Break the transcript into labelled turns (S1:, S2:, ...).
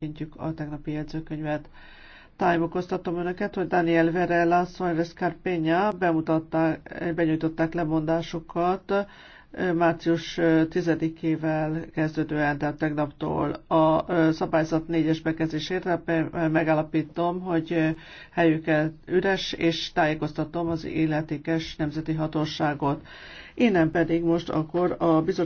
S1: tekintjük a tegnapi jegyzőkönyvet. Tájékoztatom Önöket, hogy Daniel Verella, Soares Carpeña bemutatták, benyújtották lemondásukat március 10-ével kezdődően, tehát tegnaptól a szabályzat négyes bekezdésére megállapítom, hogy helyüket üres, és tájékoztatom az illetékes nemzeti hatóságot. Innen pedig most akkor
S2: a bizottság